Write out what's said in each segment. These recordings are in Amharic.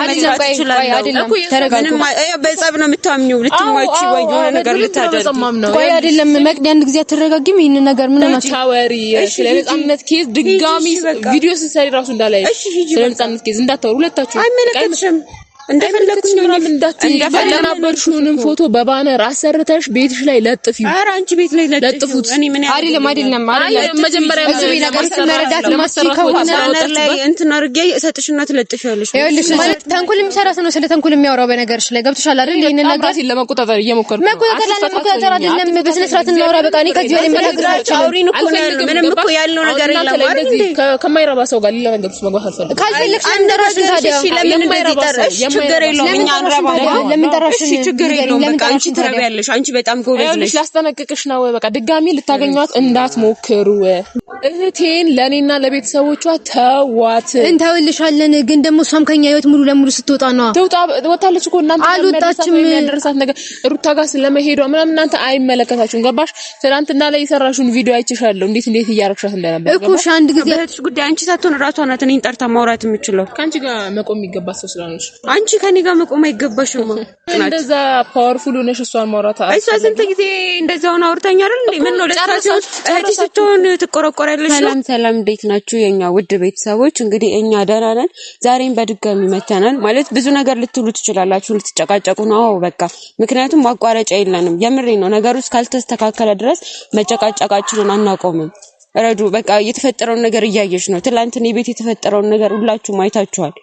ቪዲዮ መስራት ይችላል። በጸብ ነው ወይ የሆነ ነገር ቆይ፣ አይደለም አንድ ጊዜ አትረጋጊም? ይህን ነገር ምን ታወሪ? ስለ ነጻነት ኬዝ ድጋሚ ቪዲዮ ስትሰሪ ራሱ እንዳላይ ስለ ነጻነት ኬዝ እንዳታወሩ ሁለታችሁ አይመለከትሽም። እንደፈለግሽ ነው እንዳትይ። የተናበርሽውንም ፎቶ በባነር አሰርተሽ ቤትሽ ላይ ለጥፊ። አረ አንቺ ቤት ላይ ለጥፉት። አይደለም አይደለም አይደለም፣ መጀመሪያ እዚህ ነገር ስለረዳት ለማስተካከል ከሆነ ባነር ላይ እንትን አድርጌ እሰጥሽና ትለጥፊያለሽ። ይኸውልሽ ማለት ተንኩል የሚሰራ ነው ስለ ተንኩል የሚያወራው በነገርሽ ላይ ገብቶሻል አይደል? ይሄንን ነገር ለመቆጣጠር እየሞከርኩ መቆጣጠር ላይ መቆጣጠር አይደለም፣ በስነ ስርዓት እናወራ። በቃ እኔ ከዚህ በላይ የምናገራችሁ አውሪን እኮ ነው። ምንም እኮ ያለው ነገር የለም አይደል? ከማይረባ ሰው ጋር ሌላ ነገር ውስጥ መግባት አልፈልግም። ካልፈለግሽ እንደራስሽ ታዲያ ለምን እንደዚህ ጠራሽ? ችግር የለውም። እኛ እንረባለን። ለምን ጠራሽን? እሺ ችግር የለውም። በቃ አንቺ ትረቢያለሽ። አንቺ በጣም ጎበዝ ነሽ። ላስጠነቅቅሽ ነው። በቃ ድጋሚ ልታገኟት እንዳትሞክሩ። እህቴን ለእኔና ለቤተሰቦቿ ተዋት። እንተውልሻለን። ግን ደግሞ እሷም ከኛ ህይወት ሙሉ ለሙሉ ስትወጣ ነው። ትውጣ። ወታለች እኮ እናንተ አልወጣችም። የሚያደርሳት ነገር ሩታ ጋር ስለመሄዷ ምናምን እናንተ አይመለከታችሁም። ገባሽ? ትናንትና ላይ የሰራሽውን ቪዲዮ አይችሻለሁ። እንዴት እንዴት እያረግሻት እንደነበር እኮ አንድ ጊዜ እህትሽ ጉዳይ አንቺ ሳትሆን ራሷ ናት እኔን ጠርታ ማውራት የምችለው ከአንቺ ጋር መቆም የሚገባት ሰው ስላለች አንቺ ከኔ ጋር መቆም አይገባሽም። እንደዛ ፓወርፉል ሆነሽ እሷን ማውራት አይ እሷ ስንት ጊዜ እንደዛ ሆነ አውርታኝ አይደል እንዴ? ምን ነው ለታቸው እህቴ ስትሆን ትቆረቆራለሽ። ሰላም ሰላም፣ እንዴት ናችሁ የኛ ውድ ቤተሰቦች? እንግዲህ እኛ ደህና ነን። ዛሬም በድጋሚ መተናል። ማለት ብዙ ነገር ልትሉ ትችላላችሁ፣ ልትጨቃጨቁ ነው። አዎ በቃ ምክንያቱም ማቋረጫ የለንም። የምሬ ነው። ነገሩ እስካልተስተካከለ ድረስ መጨቃጨቃችንን አናቆምም። ረዱ በቃ የተፈጠረውን ነገር እያየሽ ነው። ትላንትን የቤት የተፈጠረውን ነገር ሁላችሁም አይታችኋል።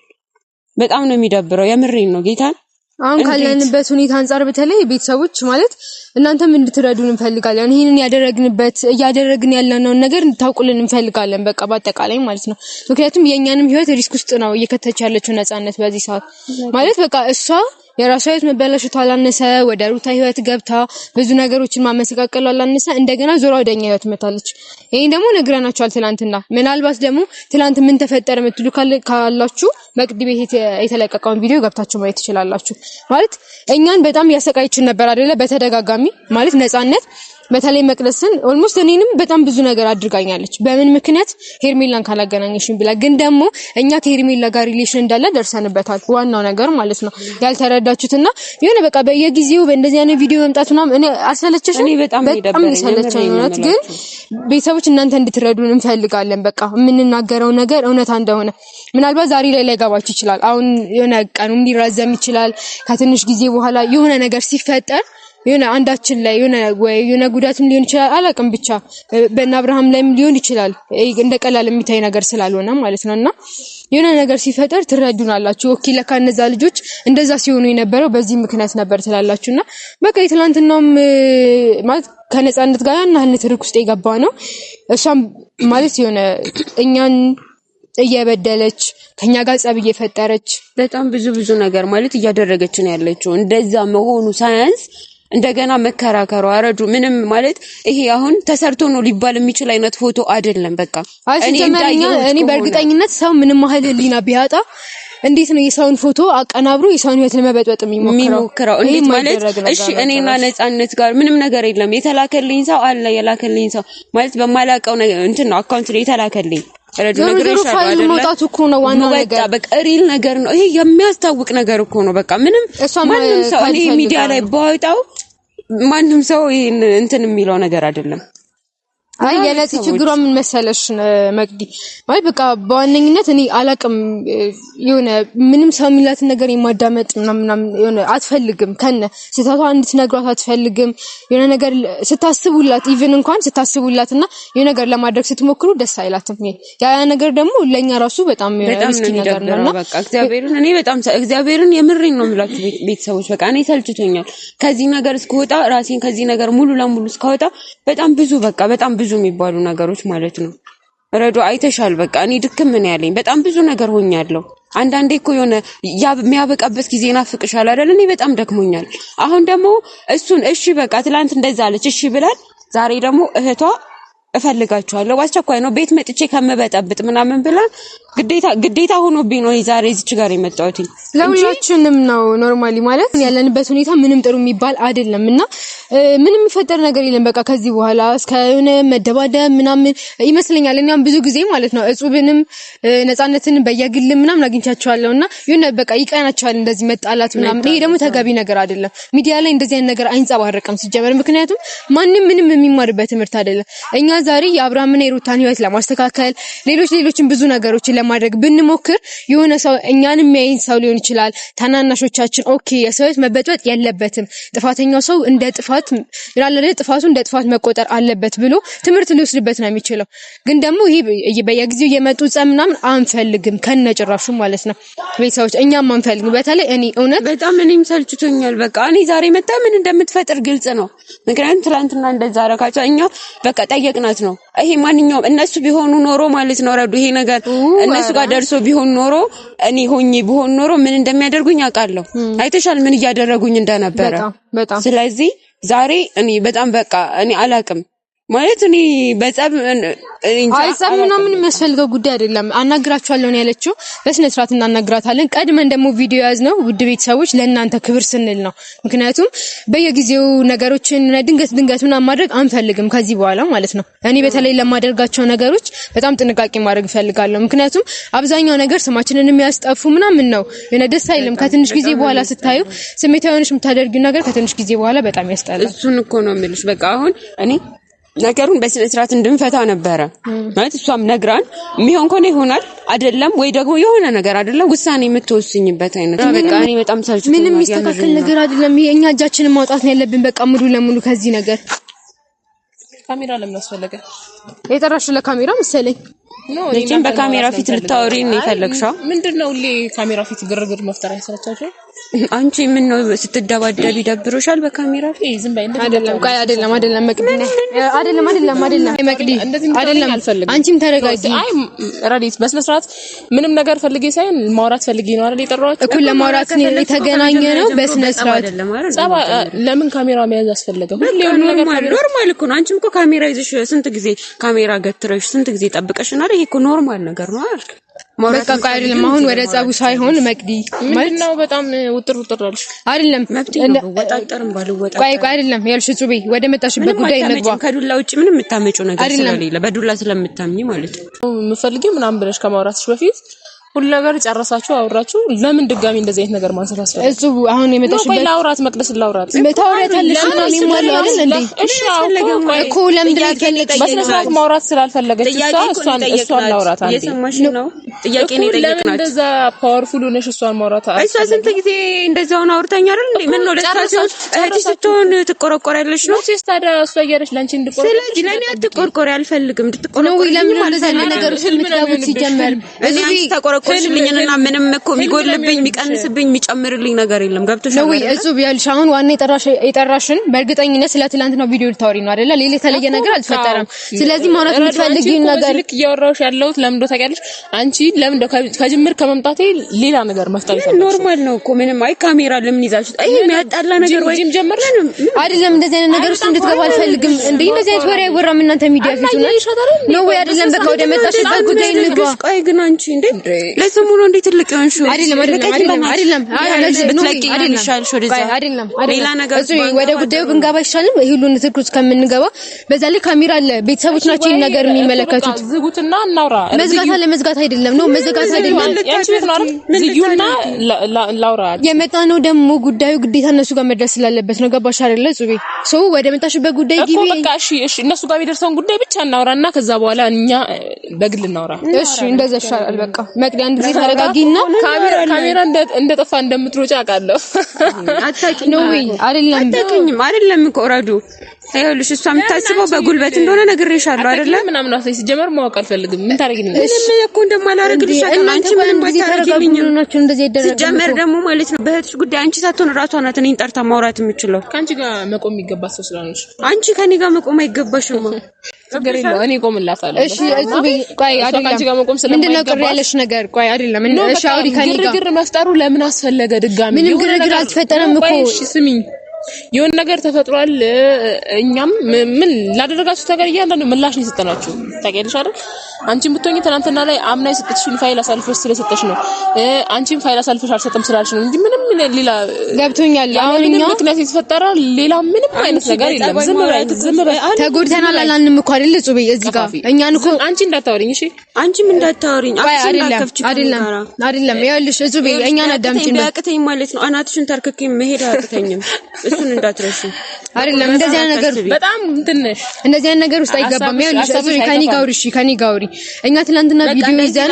በጣም ነው የሚደብረው። የምሬን ነው ጌታን አሁን ካለንበት ሁኔታ አንጻር በተለይ ቤተሰቦች ማለት እናንተም እንድትረዱን እንፈልጋለን። ይህንን ያደረግንበት እያደረግን ያለነውን ነገር እንድታውቁልን እንፈልጋለን። በቃ በአጠቃላይ ማለት ነው። ምክንያቱም የእኛንም ሕይወት ሪስክ ውስጥ ነው እየከተች ያለችው ነጻነት በዚህ ሰዓት ማለት በቃ እሷ የራሷ ህይወት መበላሸቷ አላነሰ ወደ ሩታ ህይወት ገብታ ብዙ ነገሮችን ማመሰቃቀሉ አላነሰ እንደገና ዞሮ ወደኛ ህይወት መታለች። ይሄን ደግሞ ነግረናቸዋል ትላንትና። ምናልባት ደግሞ ትላንት ምን ተፈጠረ የምትሉ ካላችሁ መቅድ ቤት የተለቀቀውን ቪዲዮ ገብታችሁ ማየት ትችላላችሁ። ማለት እኛን በጣም ያሰቃየችን ነበር አይደለ? በተደጋጋሚ ማለት ነጻነት በተለይ መቅደስን ኦልሞስት እኔንም በጣም ብዙ ነገር አድርጋኛለች። በምን ምክንያት ሄርሜላን ካላገናኘሽም ብላ ግን ደግሞ እኛ ከሄርሜላ ጋር ሪሌሽን እንዳለ ደርሰንበታል። ዋናው ነገር ማለት ነው ያልተረዳችሁትና የሆነ በቃ በየጊዜው በእንደዚህ አይነት ቪዲዮ መምጣት ምናምን እኔ አሰለቸሽ፣ በጣም ሰለቸኝ። እውነት ግን ቤተሰቦች እናንተ እንድትረዱን እንፈልጋለን። በቃ የምንናገረው ነገር እውነታ እንደሆነ ምናልባት ዛሬ ላይ ላይገባችሁ ይችላል። አሁን የሆነ ቀኑም ሊራዘም ይችላል። ከትንሽ ጊዜ በኋላ የሆነ ነገር ሲፈጠር የሆነ አንዳችን ላይ የሆነ ወይ የሆነ ጉዳትም ሊሆን ይችላል፣ አላውቅም ብቻ በእነ አብርሃም ላይም ሊሆን ይችላል። እንደ ቀላል የሚታይ ነገር ስላልሆነ ማለት ነው እና የሆነ ነገር ሲፈጠር ትረዱናላችሁ። ኦኬ ለካ እነዛ ልጆች እንደዛ ሲሆኑ የነበረው በዚህ ምክንያት ነበር ትላላችሁ። እና በቃ የትላንትናውም ማለት ከነፃነት ጋር ያን ያህል ትርክ ውስጥ የገባ ነው። እሷም ማለት የሆነ እኛን እየበደለች ከኛ ጋር ጸብ እየፈጠረች በጣም ብዙ ብዙ ነገር ማለት እያደረገች ነው ያለችው እንደዛ መሆኑ ሳያንስ እንደገና መከራከሩ አረዱ ምንም ማለት ይሄ አሁን ተሰርቶ ነው ሊባል የሚችል አይነት ፎቶ አይደለም። በቃ እኔ በእርግጠኝነት ሰው ምንም ያህል ህሊና ቢያጣ እንዴት ነው የሰውን ፎቶ አቀናብሮ የሰውን ህይወት ለመበጥበጥ የሚሞክረው? እንዴት ማለት እሺ፣ እኔና ነጻነት ጋር ምንም ነገር የለም። የተላከልኝ ሰው አለ የላከልኝ ሰው ማለት በማላውቀው እንትን ነው አካውንት ላይ የተላከልኝ ረዱ ነገር ይሻላል አይደል? መውጣቱ እኮ ነው ዋናው ነገር። በቃ ሪል ነገር ነው ይሄ፣ የሚያስታውቅ ነገር እኮ ነው። በቃ ምንም ማንም ሰው እኔ ሚዲያ ላይ ባወጣው ማንም ሰው ይህን እንትን የሚለው ነገር አይደለም። አይ የነፂ ችግሯ ምን መሰለሽ መቅዲ፣ ማለት በቃ በዋነኝነት እኔ አላቅም የሆነ ምንም ሰው የሚላትን ነገር የማዳመጥ ምናምን የሆነ አትፈልግም። ከነ ስህተቷ እንድትነግሯት አትፈልግም። የሆነ ነገር ስታስቡላት ኢቭን እንኳን ስታስቡላትና የሆነ ነገር ለማድረግ ስትሞክሩ ደስ አይላትም። ያ ያ ነገር ደግሞ ለኛ ራሱ በጣም ሪስኪ ነገር ነውና በቃ እግዚአብሔርን እኔ በጣም እግዚአብሔርን የምሬን ነው የምላችሁ ቤተሰቦች፣ በቃ እኔ ሰልችቶኛል። ከዚህ ነገር እስከወጣ ራሴን ከዚህ ነገር ሙሉ ለሙሉ እስከወጣ በጣም ብዙ በቃ በጣም ብዙ የሚባሉ ነገሮች ማለት ነው። ረዶ አይተሻል። በቃ እኔ ድክም ምን ያለኝ በጣም ብዙ ነገር ሆኛለሁ። አንዳንዴ እኮ የሆነ የሚያበቃበት ጊዜ ናፍቅሻል አይደል? እኔ በጣም ደክሞኛል። አሁን ደግሞ እሱን እሺ በቃ ትላንት እንደዛ አለች እሺ ብላል። ዛሬ ደግሞ እህቷ እፈልጋችኋለሁ በአስቸኳይ ነው ቤት መጥቼ ከምበጠብጥ ምናምን ብላ ግዴታ ግዴታ ሆኖብኝ ነው ዛሬ እዚች ጋር የመጣሁት። ለሁላችንም ነው ኖርማሊ ማለት ያለንበት ሁኔታ ምንም ጥሩ የሚባል አይደለም እና ምንም የሚፈጠር ነገር የለም። በቃ ከዚህ በኋላ እስከሆነ መደባደብ ምናምን ይመስለኛል። እኛም ብዙ ጊዜ ማለት ነው እጹብንም ነፃነትን በየግል ምናምን አግኝቻቸዋለሁ እና የሆነ በቃ ይቀናቸዋል እንደዚህ መጣላት ምናምን። ይሄ ደግሞ ተገቢ ነገር አይደለም። ሚዲያ ላይ እንደዚህ አይነት ነገር አይንጸባረቅም ሲጀመር፣ ምክንያቱም ማንም ምንም የሚማርበት ትምህርት አይደለም። እኛ ዛሬ የአብርሃምና የሩታን ህይወት ለማስተካከል ሌሎች ሌሎችን ብዙ ነገሮችን ለማድረግ ብንሞክር የሆነ ሰው እኛንም የሚያይን ሰው ሊሆን ይችላል። ታናናሾቻችን ኦኬ፣ የሰው ህይወት መበጥበጥ የለበትም ጥፋተኛው ሰው እንደ ጥፋት ጥፋት ላለ ጥፋቱ እንደ ጥፋት መቆጠር አለበት ብሎ ትምህርት ሊወስድበት ነው የሚችለው። ግን ደግሞ ይሄ በየጊዜው የመጡ ጸብ ምናምን አንፈልግም ከነጭራሹ ማለት ነው። ቤተሰቦች እኛም አንፈልግም። በተለይ እኔ እውነት በጣም እኔም ሰልችቶኛል። በቃ እኔ ዛሬ መጣ ምን እንደምትፈጥር ግልጽ ነው። ምክንያቱም ትላንትና እንደዛ አደረጋቸው። እኛ በቃ ጠየቅናት ነው ይሄ ማንኛውም እነሱ ቢሆኑ ኖሮ ማለት ነው ረዱ ይሄ ነገር እነሱ ጋር ደርሶ ቢሆን ኖሮ እኔ ሆኜ ቢሆን ኖሮ ምን እንደሚያደርጉኝ አውቃለሁ። አይተሻል ምን እያደረጉኝ እንደነበረ ስለዚህ ዛሬ እኔ በጣም በቃ እኔ አላቅም ማለት እኔ በጸብ አይጸብ ምናምን የሚያስፈልገው ጉዳይ አይደለም። አናግራችኋለሁ ነው ያለችው። በስነ ስርዓት እናናግራታለን። ቀድመን ደግሞ ቪዲዮ ያዝ ነው ውድ ቤተሰቦች፣ ለእናንተ ክብር ስንል ነው። ምክንያቱም በየጊዜው ነገሮችን ድንገት ድንገት ምናምን ማድረግ አንፈልግም ከዚህ በኋላ ማለት ነው። እኔ በተለይ ለማደርጋቸው ነገሮች በጣም ጥንቃቄ ማድረግ እፈልጋለሁ። ምክንያቱም አብዛኛው ነገር ስማችንን የሚያስጠፉ ምናምን ነው። የሆነ ደስ አይልም። ከትንሽ ጊዜ በኋላ ስታዩ ስሜታዊ ሆነሽ የምታደርጊው ነገር ከትንሽ ጊዜ በኋላ በጣም ያስጠላል። እሱን እኮ ነው የሚልሽ በቃ አሁን እኔ ነገሩን በስነ ስርዓት እንድንፈታ ነበረ ማለት እሷም ነግራን የሚሆን ከሆነ ይሆናል አይደለም ወይ ደግሞ የሆነ ነገር አይደለም ውሳኔ የምትወስኝበት አይነት በቃ እኔ በጣም ሰልች ምንም የሚስተካከል ነገር አይደለም። እኛ እጃችንን ማውጣት ነው ያለብን። በቃ ሙሉ ለሙሉ ከዚህ ነገር ካሜራ ለምን አስፈለገ? የጠራሽ ለካሜራ መሰለኝ። በካሜራ ፊት ልታወሪ ነው የፈለግሻው? ምንድነው ነው ካሜራ ፊት ግርግር መፍጠር አይሰለቻችሁም? አንቺ ምን ነው ስትደባደብ ይደብሮሻል? በካሜራ ፊት ዝም በይ። አይደለም ቆይ፣ አይደለም አይደለም፣ መቅዲ አይደለም አይደለም አይደለም፣ መቅዲ አይደለም። አንቺም ተረጋጊ። አይ ረዲት፣ በስነ ስርዓት ምንም ነገር ፈልጌ ሳይሆን ማውራት ፈልጌ ነው አይደል የጠራኋቸው እኮ ለማውራት ነው የተገናኘ ነው። በስነ ስርዓት ጸባ። ለምን ካሜራ መያዝ አስፈለገ? ሁሌ ሁሉ ነገር ኖርማል እኮ ነው። አንቺም እኮ ካሜራ ይዘሽ ስንት ጊዜ ካሜራ ገትረሽ ስንት ጊዜ ጠብቀሽ ነው አይደል? ይሄ እኮ ኖርማል ነገር ነው አይደል? በቃ ቆይ አይደለም፣ አሁን ወደ ጸቡ ሳይሆን መቅዲ ምንድነው በጣም ውጥር ውጥር አለሽ አይደለም? ወጣጠርም ባልወጣ ቆይ ቆይ አይደለም ያልሽ ጽቤ፣ ወደ መጣሽበት ጉዳይ እንግባ። ከዱላ ውጭ ምንም የምታመጪው ነገር ስለሌለ በዱላ ስለምታምኚ ማለት ነው የምፈልጊው ምናምን ብለሽ ከማውራትሽ በፊት ሁሉ ነገር ጨረሳችሁ አውራችሁ፣ ለምን ድጋሚ እንደዚህ አይነት ነገር ማንሳት አስፈልግ? እሱ አሁን የመጣሽበት ነው። ላውራት መቅደስ ላውራት ነው እንዴ? እሺ ለምን ድጋሚ ማውራት ስላልፈለገች እሷ እሷን አንዴ ነው ጥያቄ ነው ለምን እንደዛ ፓወርፉል ሆነሽ ማውራት እሷ ስንት ጊዜ እንደዛው ነው አይደል እንዴ? ምን ነው ለታቸው ስትሆን ትቆረቆሪያለሽ ነው እሱ ታዲያ እሷ እያለች ለአንቺ እንድቆረቆሪ ስለዚህ ለኔ አትቆርቆሪ አልፈልግም እንድትቆረቆሪ ነው። ለምን ነገር ሲጀመር እዚህ ተቆረ ህልምኝና ምንም እኮ የሚጎልብኝ የሚቀንስብኝ የሚጨምርልኝ ነገር የለም። ገብቶሻል ወይ? እሱ ቢያልሽ አሁን ዋና የጠራሽ የጠራሽን በእርግጠኝነት ስለ ትላንትናው ቪዲዮ ልታወሪ ነው አይደለ? ሌላ የተለየ ነገር አልፈጠረም። ስለዚህ ማውራት የምትፈልጊው ነገር ልክ እያወራሁሽ ያለሁት ለምዶ ታውቂያለሽ። አንቺ ለምዶ ከጅምር ከመምጣቴ ሌላ ነገር መፍጠር ይፈልጋል። ኖርማል ነው እኮ ምንም። አይ ካሜራ ለምን ይዛችሁ አይ የሚያጣላ ነገር ወይ ጂም ጀመርንም አይደለም። እንደዚህ አይነት ነገር ውስጥ እንድትገባ አልፈልግም። እንዴ እንደዚህ አይነት ወሬ አይወራም። እናንተ ሚዲያ ፊት ነው ነው ወይ አይደለም? በቃ ወደ መጣሽበት ጉዳይ ልግባ። ቆይ ግን አንቺ እንዴ ለስሙ እንዴት እንዴ ትልቅ እንሹ አይደለም አይደለም አይደለም አይደለም። ወደ ጉዳዩ ብንገባ ይሻልም። ይሄ ሁሉ ንትርክ ውስጥ ከምንገባ በዛ ላይ ካሜራ አለ። ቤተሰቦች ናቸው ይሄን ነገር የሚመለከቱት። ዝጉትና እናውራ። መዝጋት አለ መዝጋት አይደለም ነው መዝጋት አይደለም። ዝጊውና ላውራ የመጣ ነው ደግሞ ጉዳዩ ግዴታ እነሱ ጋር መድረስ ስላለበት ነው። ገባሽ አይደለ ጹቤ? ሰው ወደ መጣሽበት ጉዳይ ግቢ በቃ እሺ፣ እሺ። እነሱ ጋር የሚደርሰውን ጉዳይ ብቻ እናውራና ከዛ በኋላ እኛ በግል እናውራ። እሺ፣ እንደዛ ይሻላል። በቃ መቅደም አንድ ጊዜ ተረጋጊና፣ ካሜራ ካሜራ እንደ እንደጠፋ እንደምትሮጪ አውቃለሁ። አታውቂኝም አይደለም እኮ ረዱ። ይኸውልሽ እሷ የምታስበው በጉልበት እንደሆነ ነግሬሻለሁ አይደለ? ምናምን አፍሰሽ ሲጀመር ማወቅ አልፈልግም። ምን ታደርጊልኝ? ምንም እኮ እንደማላደርግልሽ አንቺ ምንም ሲጀመር ደግሞ ማለት ነው በእህትሽ ጉዳይ አንቺ ሳትሆን እራሷ ናት እኔን ጠርታ ማውራት የምችለው። ከአንቺ ጋር መቆም የሚገባ ሰው ስላልሆንሽ አንቺ ከኔ ጋር መቆም አይገባሽም። ችግር የለው እኔ ቆምላታለሁ። ምንድን ነው ቅር ያለሽ ነገር? ቆይ አይደለም ግርግር መፍጠሩ ለምን አስፈለገ ድጋሚ? ምንም ግርግር አልተፈጠረም እኮ ስሚኝ የሆነ ነገር ተፈጥሯል። እኛም ምን ላደረጋችሁ ነገር እያንዳንዱ ምላሽ ነው የሰጠናችሁ። ታውቂያለሽ አይደል? አንቺም ብትሆኚ ትናንትና ላይ አምና የሰጠችሽን ፋይል አሳልፈሽ ስለሰጠሽ ነው። አንቺም ፋይል አሳልፈሽ አልሰጠም ስላልሽ ነው እንጂ ምንም ሌላ ገብቶኛል። አሁን እኛ ምክንያት የተፈጠረ ሌላ ምንም አይነት ነገር የለም። ዝም ብለህ ዝም ብለህ ተጎድተናል አላልንም እኮ አይደል? እጹብ እዚህ ጋር እኛን እኮ አንቺ እንዳታወሪኝ፣ እሺ አንቺም እንዳታወሪኝ። አይደለም አይደለም፣ ይኸውልሽ እጹብ እኛን አዳምጪ ነው ያቅተኝ ማለት ነው። አናትሽን ተርክኬ መሄድ አያቅተኝም እሱን እንዳትረሺ። አይደለም እንደዚህ አይነት ነገር በጣም ትንሽ እንደዚህ አይነት ነገር ውስጥ አይገባም። ይኸውልሽ ከእኔ ጋር አውሪ፣ እሺ ከእኔ ጋር አውሪ። እኛ ትናንትና ቪዲዮ ይዛን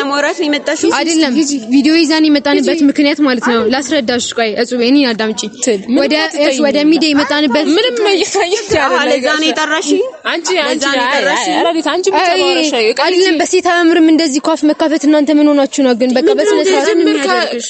አይደለም ቪዲዮ ይዛን የመጣንበት ምክንያት ማለት ነው ላስረዳሽ። ቆይ እጹብ እኔን አዳምጪ። ወደ እሱ ወደ ሚዲያ የመጣንበት ምንም እየታየሽ አይደለም። ለዛ ነው የጠራሽኝ አንቺ አንቺ አንቺ ብቻ ነው አይደለም። በሴት አያምርም እንደዚህ ኳፍ መካፈት። እናንተ ምን ሆናችሁ ነው ግን? በቃ በስነ ስርዓት ነው የሚያደርግሽ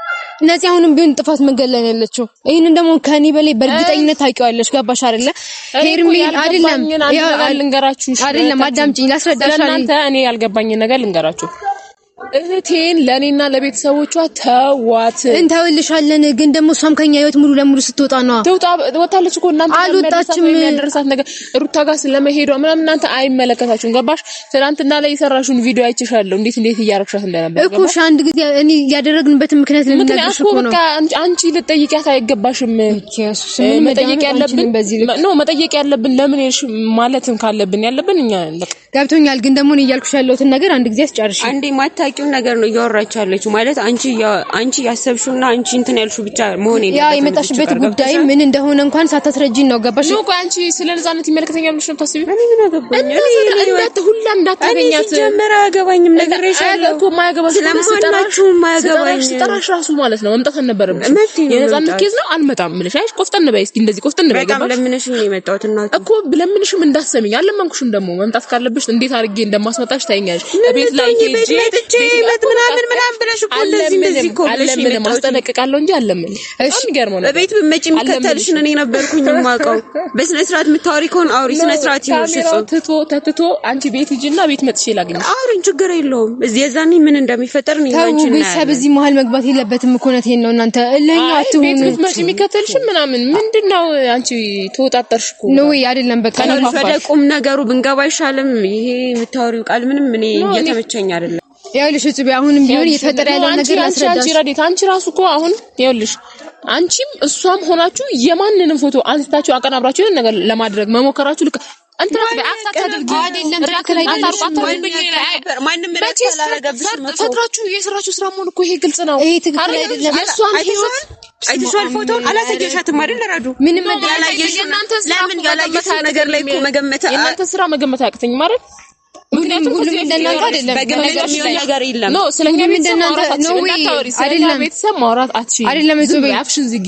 ነፂ አሁንም ቢሆን ጥፋት መንገድ ላይ ነው ያለችው። ይሄንን ደግሞ ከኔ በላይ በእርግጠኝነት ታውቂዋለሽ። ገባሽ አይደለ? ሄርሜላ አይደለም፣ ያው አልንገራችሁ አይደለም። አዳምጪኝ፣ ላስረዳሽ። እኔ ያልገባኝ ነገር ልንገራችሁ እህቴን ለእኔና ለቤተሰቦቿ ተዋት እንተውልሻለን። ግን ደግሞ እሷም ከኛ ህይወት ሙሉ ለሙሉ ስትወጣ ነው ትውጣ። ወታለች እኮ እናንተ አልወጣችም። የሚያደርሳት ነገር ሩታ ጋር ስለመሄዷ ምናምን እናንተ አይመለከታችሁም። ገባሽ? ትናንትና ላይ የሰራሽውን ቪዲዮ አይቼሻለሁ። እንዴት እንዴት እያረግሻት እንደነበር እኮ እሺ። አንድ ጊዜ እኔ ያደረግንበት ምክንያት ለምንነግርሽ እኮ ነው። አንቺ ልጠይቂያት አይገባሽም። መጠየቅ ያለብን ነው መጠየቅ ያለብን ለምን ሄድሽ ማለትም ካለብን ያለብን እኛ ገብቶኛል። ግን ደግሞ እኔ እያልኩሽ ያለሁትን ነገር አንድ ጊዜ አስጨርሽ አንዴ ማታ የምታውቂውን ነገር ነው እያወራች ያለችው። ማለት አንቺ አንቺ ያሰብሽውና አንቺ እንትን ያልሽው ብቻ መሆን የለበትም። ያ የመጣሽበት ጉዳይ ምን እንደሆነ እንኳን ሳታስረጂን ነው ገባሽ? ነው ቆይ፣ አንቺ ስለ ነፃነት ይመለከተኛል ብለሽ ነው ታስቢ? እኔ ምን አገባኝ? እኔ እንዳት ሁላ እንዳታገኛት ጀመረ አያገባኝም። ነግሬሻለሁ እኮ የማያገባሽ ስለማናችሁም ማያገባኝ ስጠራሽ ራሱ ማለት ነው መምጣት አልነበረብሽም። የነፃነት ኬዝ ነው አልመጣም ብለሽ አይሽ፣ ቆፍጠን በይ እስኪ፣ እንደዚህ ቆፍጠን በይ። ገባሽ? ለምንሽ ነው የመጣሁት እና እኮ ለምንሽም እንዳትሰሚኝ አለመንኩሽም። ደግሞ መምጣት ካለብሽ እንዴት አድርጌ እንደማስመጣሽ ታይኛለሽ። ቤት ላይ ሄጄ ልጆቼ ለት ምናምን ምናምን ብለሽ እኮ እንደዚህ እንደዚህ እኮ ብለሽ ምንም አስጠነቅቃለሁ እንጂ አለምን። እሺ ገርሞ ነው በቤት ብትመጪ የሚከተልሽን እኔ ነበርኩኝ የማውቀው። በስነ ስርዓት የምታወሪ ከሆነ አውሪ። ስነ ስርዓት ይኖርሽ። ትቶ ተትቶ አንቺ ቤት ሂጂና ቤት መጥቼ ላግኝሽ። አውሪኝ፣ ችግር የለውም። እዚህ የዛኔ ምን እንደሚፈጠር ነው ያንቺ ነው። ቤተሰብ እዚህ መሀል መግባት የለበትም እኮ ነው። ይሄን ነው እናንተ ለኛ አትሁኑ። ቤት ብትመጪ የሚከተልሽን ምናምን ምንድነው? አንቺ ተወጣጠርሽ እኮ ነው ወይ አይደለም? በቃ ነው ወደ ቁም ነገሩ ብንገባ አይሻልም? ይሄ የምታወሪው ቃል ምንም እኔ እየተመቸኝ አይደለም። ይኸውልሽ እጽቢ አሁንም ቢሆን እየተፈጠረ ያለው ነገር ላስረዳሽ። አንቺ ራሱ እኮ አሁን ይኸውልሽ አንቺም እሷም ሆናችሁ የማንንም ፎቶ አንስታችሁ አቀናብራችሁ የሆነ ነገር ለማድረግ መሞከራችሁ ልክ ፈጥራችሁ የሰራችሁ ስራ መሆን እኮ ይሄ ግልጽ ነው። ይሄ ትክክል አይደለም። ህይወት አይተሽዋል። አላሳየሻትም አይደል? ምንም ነገር ላይ የእናንተ ስራ መገመት አያቅተኝም አይደል? ምክንያቱም ሁሉም እንደናንተ አይደለም። ነገር የለም ነው ስለኛ ቤተሰብ ማውራት አትችልም። አይደለም ማውራት አትችልም አፍሽን ዝጊ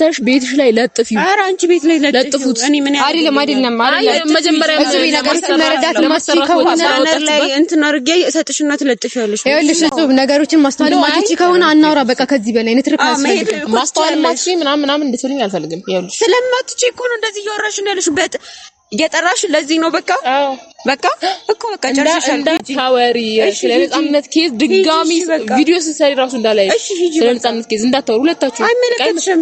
አውጥተሽ ቤትሽ ላይ ለጥፊ። ኧረ አንቺ ቤት ላይ ለጥፉት። አይደለም አይደለም አይደለም፣ መጀመሪያ እዚህ ነገር ስለረዳት ማስቺ ከሆነ ላይ እንትን አድርጌ እሰጥሽና ትለጥፊያለሽ። ይኸውልሽ እሱብ ነገሮችን ማስተዋል ማትቺ ከሆነ አናውራ በቃ። ከዚህ በላይ ንትርክ አያስፈልግም። ማስተዋል ማትቺ ምናምን ምናምን እንድትሉኝ አልፈልግም። ይኸውልሽ ስለማትቺ እኮ ነው እንደዚህ እያወራሽ ነው ያለሽ በጥ የጠራሽ ለዚህ ነው በቃ በቃ እኮ በቃ ጨርሻለሁ። እንዳታወሪ ስለ ነጻነት ኬዝ ድጋሚ ቪዲዮ ስትሰሪ ራሱ እንዳላይ ስለ ነጻነት ኬዝ እንዳታወሩ ሁለታችሁ አይመለከትሽም።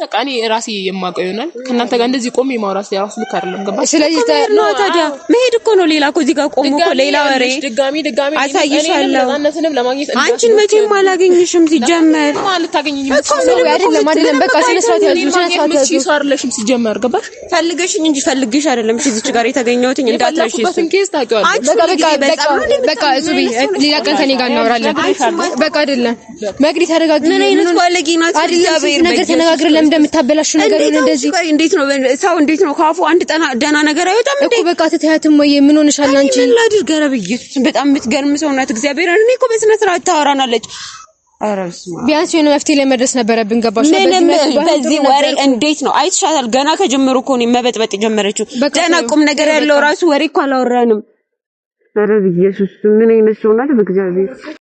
በቃ እኔ ራሴ የማውቀው ይሆናል። ከእናንተ ጋር እንደዚህ ቆሜ ማውራት ራሱ ልክ አይደለም። ገባሽ? ስለዚህ ታዲያ መሄድ እኮ ነው። ሌላ እኮ እዚህ ጋር ቆሞ እኮ ሌላ ወሬ ድጋሚ ድጋሚ አሳይሻለሁ። አንቺን መቼም አላገኝሽም። ሲጀመር ሲጀመር ገባሽ? ፈልገሽኝ እንጂ ፈልግሽ አይደለም። እሺ፣ እዚህ ጋር የተገኘሁት እንዳትረሺ። በቃ ሌላ ቀን ከኔ ጋር እናወራለን። በቃ አይደለም መቅዲ፣ ተረጋጊ። ምን አይነት ባለጌ ናት! ነገር ተነጋግረን እንደምታበላሹ ነገር ነው። እንደዚህ እንዴት ነው ሰው እንዴት ነው ካፉ አንድ ጠና ደና ነገር አይወጣም እንዴ? እኮ። በቃ ትተያትም ወይ ምን ሆነሻል አንቺ? ምን ላድርግ? ኧረ ብዬሽ በጣም የምትገርም ሰው ናት። እግዚአብሔር እኔ እኮ በስነ ስርዓት ታወራናለች። ቢያንስ የሆነ መፍትሄ ላይ መድረስ ነበረብን። ገባሽ? በዚህ ወሬ እንዴት ነው አይተሻታል። ገና ከጀመሩ እኮ ነው መበጥበጥ የጀመረችው። ደና ቁም ነገር ያለው ራሱ ወሬ እኮ አላወራንም። ኧረ ብዬሽ ምን አይነት ሰው ናት በእግዚአብሔር